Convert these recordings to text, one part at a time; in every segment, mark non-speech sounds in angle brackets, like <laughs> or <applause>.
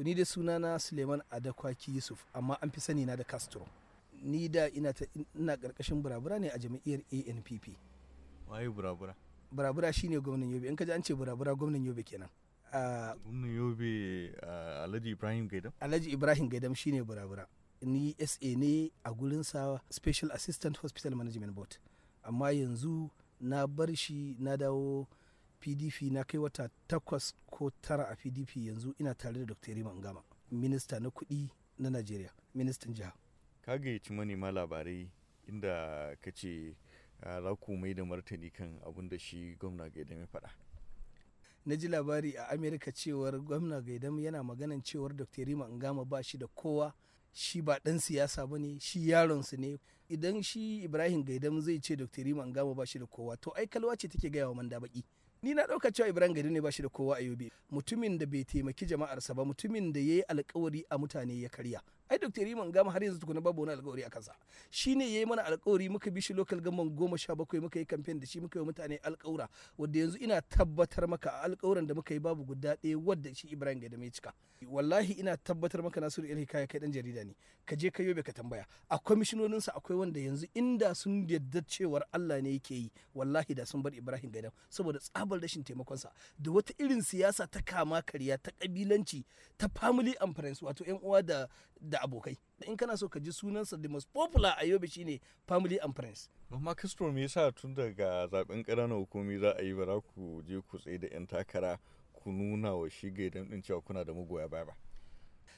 to ni da sunana suleiman adakwaki yusuf amma an fi sani na da castro ni da ina ta ina karkashin burabura ne a jami'ar anpp waye burabura burabura shine gwamnan yobe in ka ji an ce burabura gwamnan yobe kenan gwamnan yobe alhaji ibrahim gaidam alhaji ibrahim gaidam shine burabura ni sa ne a gurin sa special assistant hospital management board amma yanzu na bar shi na dawo pdp na kai wata takwas ko tara a pdp yanzu ina tare da dr rima ngama minista na kudi na nigeria ministan jiha ka gayyaci manema labarai inda ka ce za ku mai da martani kan abin da shi gwamna gaidam ya faɗa na ji labari a amerika cewar gwamna gaidam yana maganan cewar dr rima ngama ba shi da kowa shi ba ɗan siyasa ba ne shi yaronsu ne idan shi ibrahim gaidam zai ce dr rima ngama ba shi da kowa to ai kalwa ce take gaya wa manda baki ni na ɗauka cewa ibrahim gari ne ba shi da kowa a yobe mutumin da bai taimaki jama'arsa ba mutumin da ya yi alkawari a mutane ya karya ai dr riman gama har yanzu tukuna babu wani alkawari a kansa shi ne ya yi mana alkawari muka bi shi local gaman goma sha bakwai muka yi kamfen da shi muka yi mutane alkawura wadda yanzu ina tabbatar maka a alkawuran da muka yi babu guda ɗaya wadda shi ibrahim gari mai cika wallahi ina tabbatar maka nasiru ilhi kaya kai dan jarida ne ka je ka yobe ka tambaya a kwamishinoninsa akwai wanda yanzu inda sun yarda cewar allah ne yake yi wallahi da sun bar ibrahim gari saboda tsabar rashin taimakonsa da wata irin siyasa ta kama karya ta kabilanci ta family and friends wato yan uwa da da abokai da in kana so ka ji sunansa the most popular a yobe shine family and friends amma kastro me yasa tun daga zaben ƙananan hukumi za a yi ba ku je ku tsaye da yan takara ku nuna wa shi idan din cewa kuna da mugoya baya ba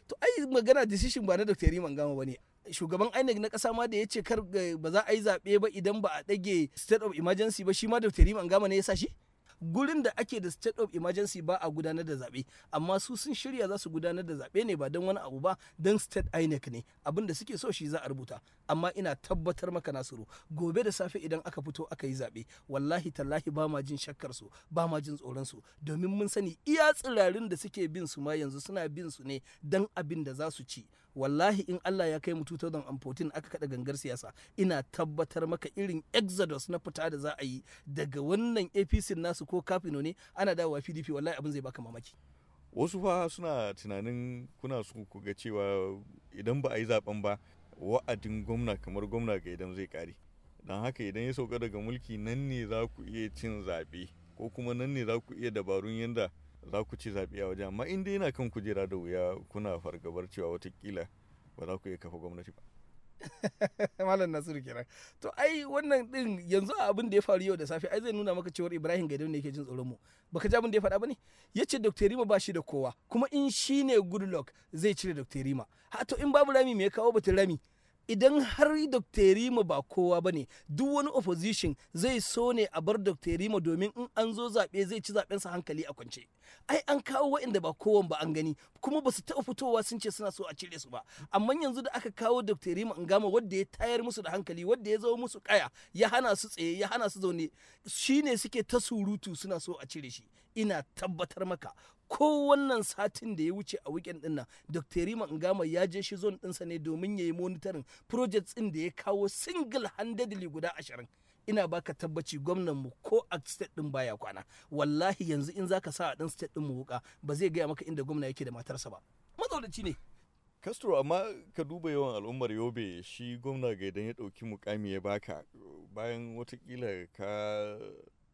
to ai magana decision ba na dr riman gama bane shugaban INEC na kasa ma da ya ce kar eh, ba za a yi zaɓe ba idan ba a ɗage state of emergency ba shi ma da Terim gama ne ya sa shi? gurin da ake da state of emergency ba a gudanar da zaɓe amma su sun shirya za su gudanar da zaɓe ne ba don wani abu ba don state inec ne abin da suke so shi za a rubuta amma ina tabbatar maka nasiru gobe da safe idan aka fito aka yi zaɓe wallahi tallahi ba ma jin shakkar su ba ma jin tsoron su domin mun sani iya tsirarin da suke bin su ma yanzu suna bin su ne dan abin da za su ci wallahi in Allah ya kai mu 2014 aka kada gangar siyasa ina tabbatar maka irin exodus na fita da za a yi daga wannan APC nasu ko kafino ne ana dawowa pdp wallahi abin zai baka mamaki wasu fa suna tunanin kuna so ku ga cewa idan ba a yi zaben ba wa'adin gwamna kamar gwamna ga idan zai kare don haka idan ya sauka daga mulki nan ne za ku iya cin zaɓe ko kuma nan ne za ku iya dabarun yadda za ku ci zaɓe a wajen amma inda yana kan kujera da wuya kuna fargabar cewa watakila ba za ku iya kafa gwamnati ba <laughs> <laughs> malam nasiru kenan to ai wannan din yanzu abin da ya faru yau da safe ai zai nuna maka cewar ibrahim gaidam ne yake jin tsoron mu baka ji abin da ya faɗa bane ce dr rima ba shi da kowa kuma in shine goodluck zai cire dr rima ha to in babu rami me ya kawo batun rami idan har dokterima ba kowa ba ne duk wani opposition zai so ne a bar dokterima domin in an zo zaɓe zai ci zaɓen sa hankali a kwance ai an kawo waɗanda ba kowan ba an gani kuma ba su taɓa fitowa sun ce suna so a cire su ba amma yanzu da aka kawo rima in gama wadda ya tayar musu da hankali wadda ya zama musu kaya ya hana su tsaye ya hana su zaune shine suke ta surutu suna so a cire shi ina tabbatar maka ko wannan satin da ya wuce a weekend din nan dr rima ngama ya je shi zon dinsa ne domin ya yi monitoring projects din da ya kawo single handedly guda ashirin ina baka tabbaci gwamnan mu ko a state din baya kwana wallahi yanzu in zaka sa a ɗan state din mu wuka ba zai gaya maka inda gwamna yake da matarsa ba mazauraci ne Castro amma ka duba yawan al'ummar Yobe shi gwamna ga idan ya dauki mukami ya baka bayan watakila ka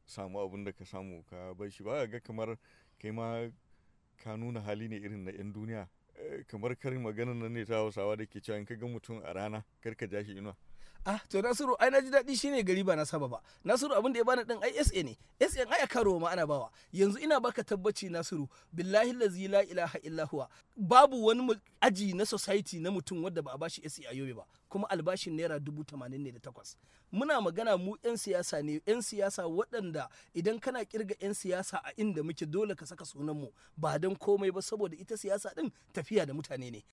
samu abin da ka samu ka bai shi ba ga kamar kai ma ka nuna hali ne irin na 'yan duniya eh, kamar karin maganar nan ne ta hausawa da ke cewa in ka ga mutum a rana kar ka jashi shi inuwa ah to nasiru ai na ji daɗi shine gari ba na saba ba nasiru abin da ya bani ɗin ai sa ne sa ai a karo ma ana bawa yanzu ina baka tabbaci nasiru billahi lazi la ilaha illahuwa babu wani aji na society na mutum wadda ba a bashi sa a yobe ba kuma albashin naira dubu tamanin ne da takwas muna magana mu yan siyasa ne yan siyasa waɗanda idan kana kirga yan siyasa a inda muke dole ka saka sunan mu ba don komai ba saboda ita siyasa ɗin tafiya da mutane ne